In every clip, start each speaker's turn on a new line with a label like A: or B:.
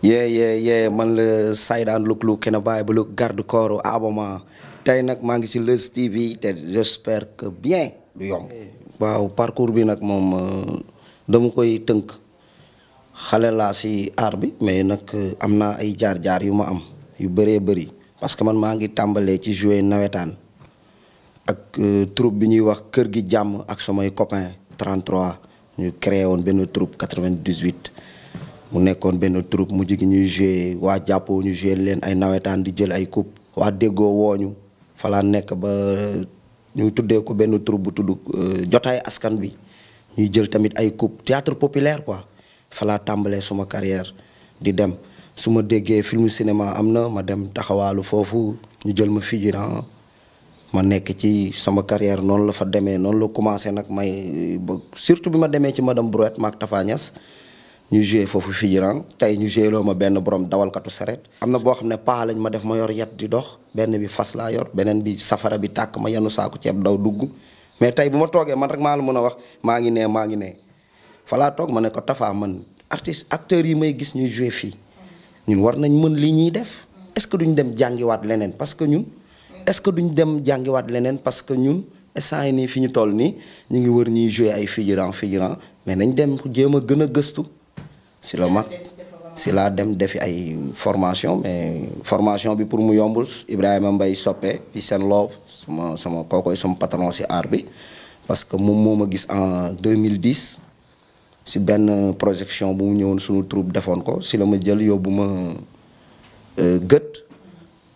A: yee yee man la saydaan luklu kenn bàyyi ba lu garde corps abama ah. tey nag maa ngi ci Leuz TV te j'espère que bien du yomb waaw parcours bi nag moom euh, dama koy tënk xale laa si aar bi mais nag euh, am naa ay jaar-jaar yu ma am yu bëree bëri parce que man maa ngi tàmbalee ci jouer nawetaan ak euh, troupe bi ñuy wax kër gi jàmm ak samay copains 33 ñu créé woon benn troupe 98 mu nekkoon benn troupe mu gi ñuy joué waa jàppoo ñu joué leen ay nawetaan di jël ay coupe waa déggoo wooñu falaa nekk ba ñu tuddee ko benn troupe bu tudd euh, jotaay askan bi ñuy jël tamit ay coupe théâtre populaire quoi falaa tàmbalee suma carrière di dem su ma déggee film cinéma am na ma dem taxawaalu foofu ñu jël ma figurant ma nekk ci sama carrière noonu la fa demee noonu la commencé nag may surtout bi ma demee ci madame Brouette maak Tafa Niass ñu joué foofu figurant tey ñu joué loo ma benn borom dawalkatu saret am na boo xam ne paa lañ ma def ma yor yet di dox benn bi fas laa yor beneen bi safara bi tàkk ma yenu saako ceeb daw dugg mais tey bu ma toogee man rek maa la mën a wax maa ngi nee maa ngi nee falaa toog ma ne ko tafaa man artiste acteurs yi may gis ñu joué fii ñun war nañ mën li ñuy def est-ce que duñ dem jàngiwaat leneen parce que ñun est-ce que duñ dem jàngiwaat leneen parce que ñun essant nii fi ñu toll nii ñu ngi wër ñuy joué ay figurant figurant mais nañ dem jéem a gën a gëstu si la mag si laa dem defi ay formation mais formation bi pour mu yombul Ibrahima Mbaye soppe fi seen loob sama sama kookoy sama patron si art bi parce que moom moo ma gis en 2010 si benn projection bu mu ñëwoon suñu troupe defoon ko si la ma jël yóbbu ma euh, gët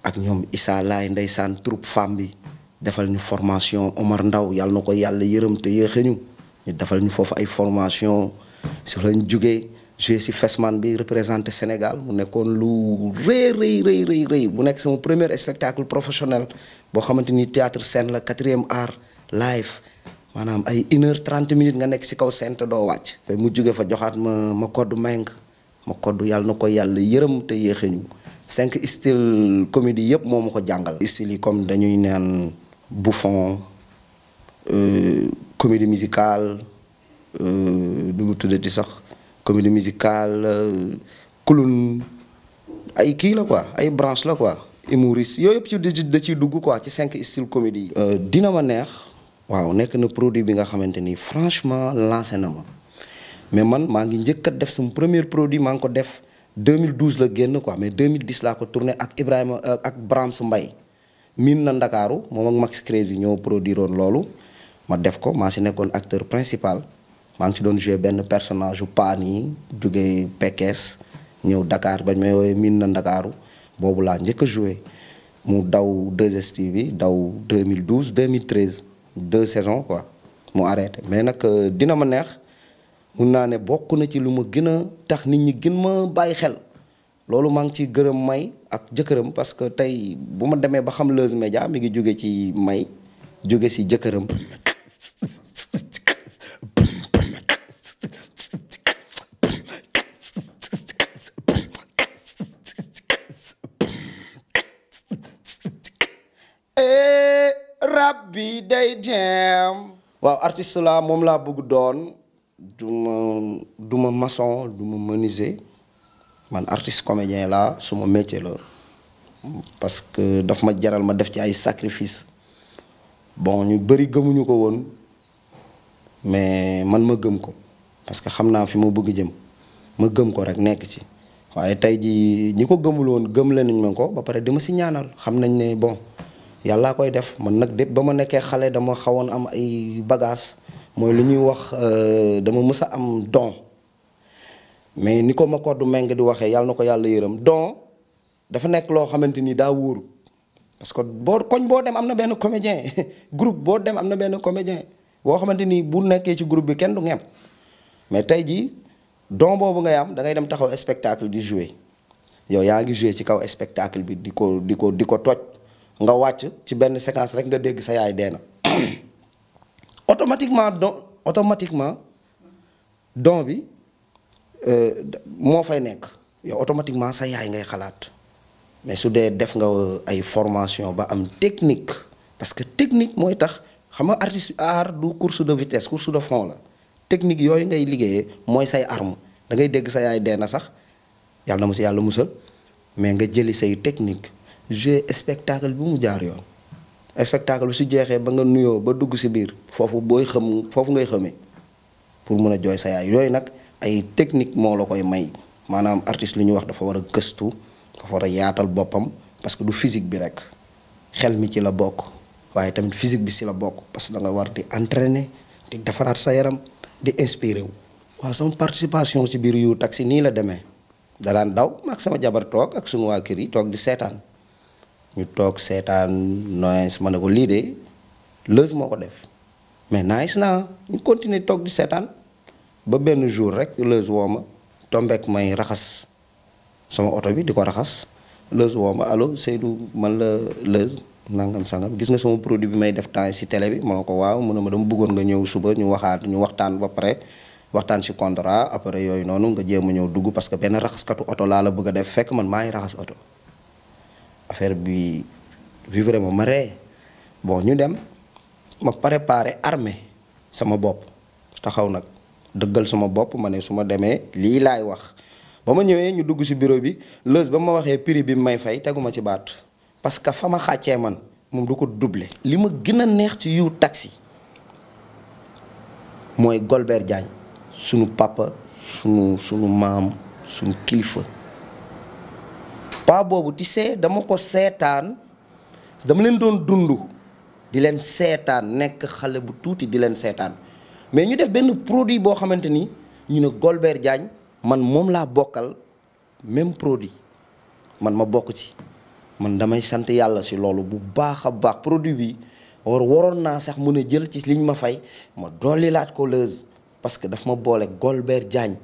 A: ak ñoom Issa Laay ndeysaan troupe femme bi defal ñu formation Omar Ndaw yàlla na ko yàlla yërëm te yéexeñu ñu defal ñu foofu ay formation si lañ jugee joué si Fesman bi représenté Sénégal mu nekkoon lu rëy rëy rëy rëy bu nekk sama premier spectacle professionnel boo xamante ni théâtre scène la quatrième art live maanaam ay une heure trente minutes nga nekk si kaw scène te doo wàcc. mu jóge fa joxaat ma ma koddu Meng ma koddu yàlla na ko yàlla yërëm te yéexee ñu cinq style comédie yëpp moo ma ko jàngal. style yi comme dañuy naan bouffon euh, comédie musicale euh, nu mu di sax. comédie musicale euh, clown ay kii la quoi ay branche la quoi humoriste yooyu yëpp ci da ciy dugg quoi ci cinq style comédie euh, dina ma neex waaw nekk na produit bi nga xamante ni franchement lancé na ma mais man maa ngi njëkk a def sama premier produit maa ngi ko def 2012 la génn quoi mais 2010 laa ko tourné ak Ibrahima euh, ak Brahms mbay miin na Ndakaaru moom ak Max Crazy ñoo roon loolu ma def ko maa si nekkoon acteur principal. maa ngi ci doon joué benn personnage u paan yi jugee Pekes ñëw Dakar bañ may woowee miin na Ndakaaru boobu laa njëkk a joué mu daw 2STV daw 2012 2013 deux saisons quoi mu arrêté mais nag euh, dina ma neex mun naa ne bokk na ci lu ma gën a tax nit ñi gën ma bàyyi xel loolu maa ngi ci gërëm may ak jëkkëram parce que tey bu ma demee ba xam Leuz Média mi ngi jóge ci may jóge si jëkkëram artiste moom laa bëgg doon du ma du ma maçon du ma menuisier man artiste comédien laa suma métier la parce que daf ma jaral ma def ci ay sacrifice bon ñu bëri gëmuñu ko woon mais man ma gëm ko parce que xam naa fi ma bëgg jëm ma gëm ko rek nekk ci waaye tey ji ñu ko gëmul woon gëm le nañ ma ko ba pare di ma si ñaanal xam nañ ne bon yàllaa koy def man nag dépp ba ma nekkee xale dama xawoon am ay bagage mooy lu ñuy wax euh, dama mës a am don mais ni ko ma koddu meng di waxee yàlla na ko yàlla yërëm don dafa nekk loo xamante ni daa wóorut parce que boo koñ boo dem am na benn comédien groupe boo dem am na benn comédien boo xamante ni bu nekkee ci groupe bi kenn du ngem mais tey jii don boobu ngay am da ngay dem taxaw spectacle di jouer yow yaa ngi jouer ci kaw spectacle bi di ko di ko di ko toj nga wàcc ci benn séquence rek nga dégg sa yaay dee na automatiquement don automatiquement don bi euh, moo fay nekk yow automatiquement sa yaay ngay xalaat mais su dee def nga euh, ay formation ba am technique parce que technique mooy tax xam nga artiste art du course de vitesse course de fond la technique yooyu ngay liggéeyee mooy say arme da ngay dégg sa yaay dee na sax yàlla na mu si yàlla musal mais nga jëli say technique jouer spectacle bi mu jaar yoon spectacle bi su jeexee ba nga nuyoo ba dugg si biir foofu booy xam foofu ngay xamee pour mun a jooy sa yaay yooyu nag ay technique moom la koy may maanaam artiste lu ñu wax dafa war a gëstu dafa war a yaatal boppam parce que du physique bi rek xel mi ci la bokk waaye tamit physique bi si la bokk parce que da nga war di entraîner di defaraat sa yaram di inspiré wu. waaw sama participation si biir yu taxi nii la demee da daan daw maak sama jabar toog ak sunu waa kër yi toog di seetaan. ñu toog seetaan noise ma ne ko lii de Leuz moo ko def mais nice naa ñu continuer toog di seetaan ba benn jour rek Leuz woo ma tombeek may raxas sama oto bi di ko raxas Leuz woo ma allo Seydou man la Leuz nangam sangam gis nga sama produit bi may def temps si tele bi ma ne ko waaw mu ne ma dama bëggoon nga ñëw suba ñu waxaat ñu waxtaan ba pare waxtaan si contrat après yooyu noonu nga jéem a ñëw dugg parce que benn raxaskatu oto laa la bëgg def fekk man maa ngi raxas oto. affaire bi vivre ma ma ree bon ñu dem ma préparé armée sama bopp taxaw nag dëggal sama bopp ma ne su ma demee lii laay wax ba ma ñëwee ñu dugg si bureau bi leus ba ma waxee prix bi may fay teguma ci baat parce que fa ma xàccee man moom du ko doublé. li ma gën a neex ci yu taxi mooy Golbert Diagne sunu papa sunu sunu maam sunu kilifa. waa boobu ti see dama ko seetaan dama leen doon dund di leen seetaan nekk xale bu tuuti di leen seetaan mais ñu def benn produit boo xamante ni ñu ne golbeer Diagne man moom laa bokkal même produit man ma bokk ci man damay sant yàlla si loolu bu baax a baax produit bi war waroon naa sax mën a jël ci liñ ma fay ma dolli laat parce que daf ma boole golbeer Diagne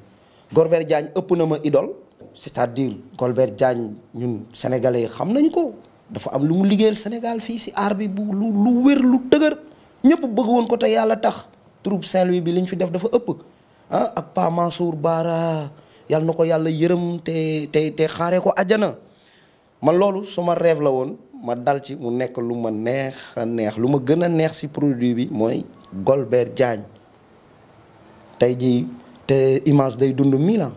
A: Golbert Diagne ëpp na ma idol c'est-à-dire Golbert Diagne ñun sénégalais xam nañu ko dafa am lu mu liggéeyal Sénégal fii si aar bi bu lu lu wér lu dëgër ñëpp bëgg woon ko te yàlla tax troupe Saint-Louis bi li fi def dafa ëpp ah ak Pa Mansour Bara yàlla na ko yàlla yërëm te te te xaaree ko àjjana man loolu suma rêve la woon ma dal ci mu nekk lu ma neex neex lu ma gën a neex si produit bi mooy golbeer jaañ tey ji te image day dund Milan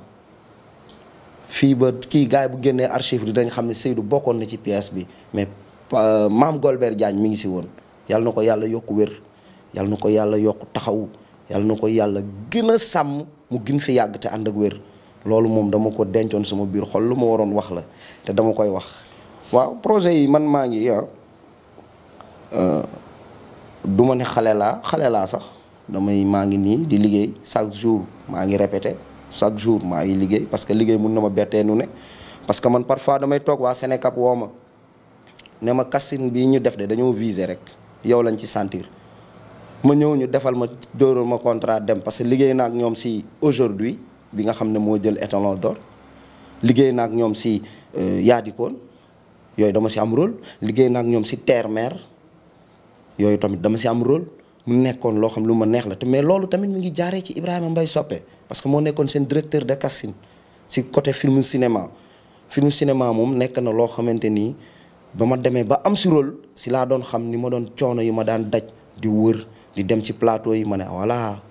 A: fii ba kii gars bu génnee archive di dañ xam ne Seydou bokkoon na ci pièce bi mais euh, maam Golbert Diagne mi ngi si woon yàlla na ko yàlla yokk wér yàlla na ko yàlla yokk taxaw yàlla na ko yàlla gën a sàmm mu gin fi yàgg te ànd ak wér loolu moom dama ko dencoon sama biir xol lu ma waroon wax la te dama koy wax waaw projet yi man maa ngi ah, euh, du ma ne xale laa xale laa sax damay maa ngi nii di liggéey chaque jour maa ngi répété chaque jour maa ngi liggéey parce que liggéey mun na ma bettee nu ne parce que man parfois damay toog waa Sénécap woo ma ne ma casting bi ñu def de dañoo viser rek yow lañ ci sentir ma ñëw ñu defal ma dóoral ma contrat dem parce que liggéey naa ak ñoom si aujourd'hui bi nga xam ne moo jël étalon d'or liggéey naa ak ñoom si euh, yaadikoon yooyu dama si am rôle liggéey naa ak ñoom si terre mer yooyu tamit dama si am rôle mu nekkoon loo xam lu ma neex la te mais loolu tamit mu ngi jaaree ci Ibrahima Mbaye Soppe parce que moo nekkoon seen directeur de casting si côté film cinéma film cinéma moom nekk na loo xamante nii ba ma demee ba am si si laa doon xam ni ma doon coono yu ma daan daj di wër di dem ci plateau yi ma ne voilà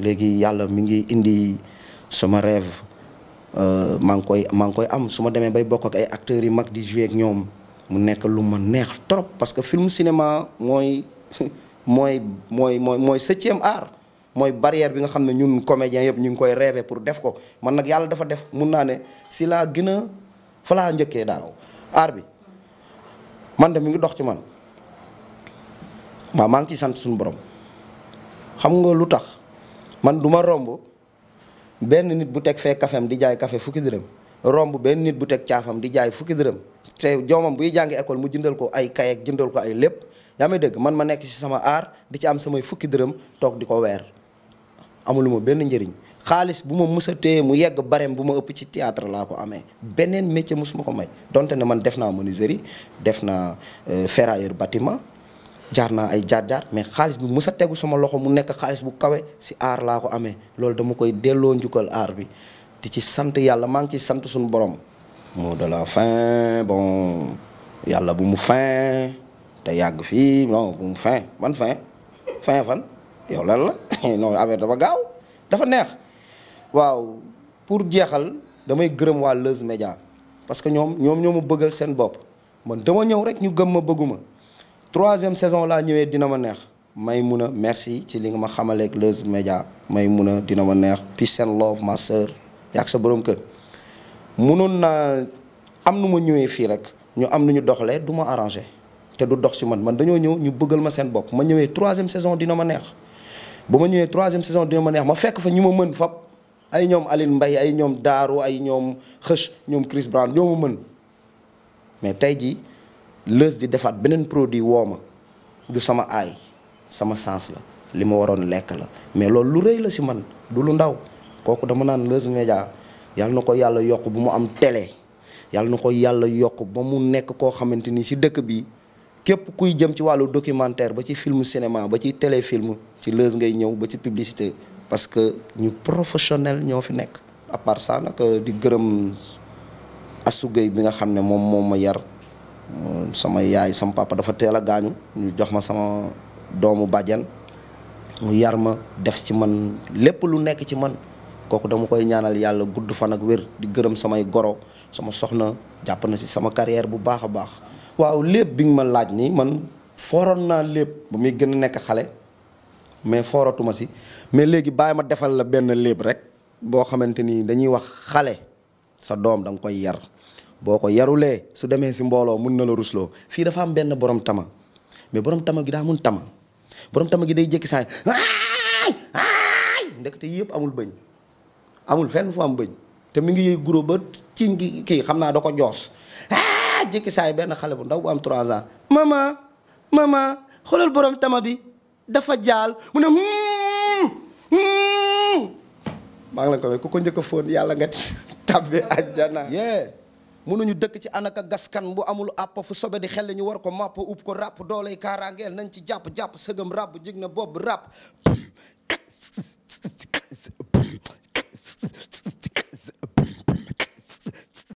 A: léegi yàlla mi ngi indi sama rêve euh, maa ngi koy maa ngi koy am su ma demee bay bokk ak ay acteurs yi mag di jouer ak ñoom mu nekk lu ma neex trop parce que film cinéma mooy mooy mooy mooy mooy septième art mooy barrière bi nga xam ne ñun comédiens yëpp ñu ngi koy rêver pour def ko man nag yàlla dafa def mun naa ne si laa gën a fa laa njëkkee daal art bi man de mi ngi dox ci man waaw maa ngi ciy sant suñu borom xam nga lu tax man duma romb benn nit bu teg fee kafem di jaay kafe fukki dërëm romb benn nit bu teg caafam di jaay fukki dërëm. te jomam buy jàngi école mu jëndal ko ay kayek jëndal ko ay lépp yaa may dégg man ma nekk ci sama aar di ci am samay fukki dërëm toog di ko weer amulu ma benn njëriñ xaalis bu ma mës a téye mu yegg barem bu ma ëpp ci théâtre laa ko amee beneen métier mosuma ko may donte ne man def naa menuiserie def naa euh, ferrailleur bâtiment jaar naa ay jaar mais xaalis bi mës a tegu sama loxo mu nekk xaalis bu kawe si aar laa ko amee loolu dama koy delloo njukkal aar bi di ci sant yàlla maa ngi ci sant suñu borom mot de la fin bon yàlla bu mu fin te yàgg fii non bu mu fin man fin fin fan yow lan la non affaire dafa gaaw dafa neex waaw pour jeexal damay gërëm waa Leuz Média parce que ñoom ñoom ñoo ma bëggal seen bopp man dama ñëw rek ñu gëm ma bëgguma troisième saison laa ñëwee dina ma neex may mun a merci ci li nga ma xamaleeg Leuz Média may mun a dina ma neex peace seen love ma sœur sa borom kër mënoon naa am nu ma ñëwee fii rek ñu am nu ñu doxalee du ma arrangé te du dox si man man dañoo ñëw ñu bëggal ma seen bopp ma ñëwee troisième saison dina ma neex ba ma ñëwee troisième saison dina ma neex ma fekk fa ñu ma mën fap ay ñoom Aline mbay ay ñoom Daaru ay ñoom xëch ñoom Chris Brown ñoo ma mën mais tey jii lës di defaat beneen produit woo ma du sama aay sama sens la li ma waroon lekk la mais loolu lu rëy la si man du lu ndaw kooku dama naan lës média yàlla na ko yàlla yokk bu mu am télé yàlla na ko yàlla yokk ba mu nekk koo xamante ni si dëkk bi képp kuy jëm ci wàllu documentaire ba ci film cinéma ba ci téléfilm ci lëz ngay ñëw ba ci publicité parce que ñu professionnel ñoo fi nekk. à part nag euh, di gërëm asugay bi nga xam ne moom moo ma yar euh, sama yaay sama papa dafa teel a gaañu ñu jox ma sama doomu bàjjan mu yar ma def ci man lépp lu nekk ci man. kooku dama koy ñaanal yàlla gudd fan ak wér di gërëm samay goro sama soxna jàpp na si sama carrière bu baax a baax waaw lépp bi nga ma laaj nii man fooroon naa lépp bu muy gën a nekk xale mais fooratuma si mais léegi bàyyi ma defal la benn léeb rek boo xamante ni dañuy wax xale sa doom danga koy yar boo ko yarulee su demee si mbooloo mun na la rusloo fii dafa am benn borom tama mais borom tama gi daa mun tama borom tama gi day jékki saa yi aay aay yëpp amul bëñ amul fenn fu am bëñ te mi ngi yëy guro ba ci kii xam naa da ko joos ah jékki saay benn xale bu ndaw bu am 3 ans mama mama xoolal borom tama bi dafa jaal mu ne hmm, hmm. maa ngi la ko njëkk a fóon yàlla nga tàbbi àjjana yee mënuñu dëkk ci anaka gaskan bu amul àpp fu sobe di xel ñu war ko màpp upp ko ràpp dooley kaaraangeel nañ ci jàpp jàpp sëgëm ràbb jig na bopp ràpp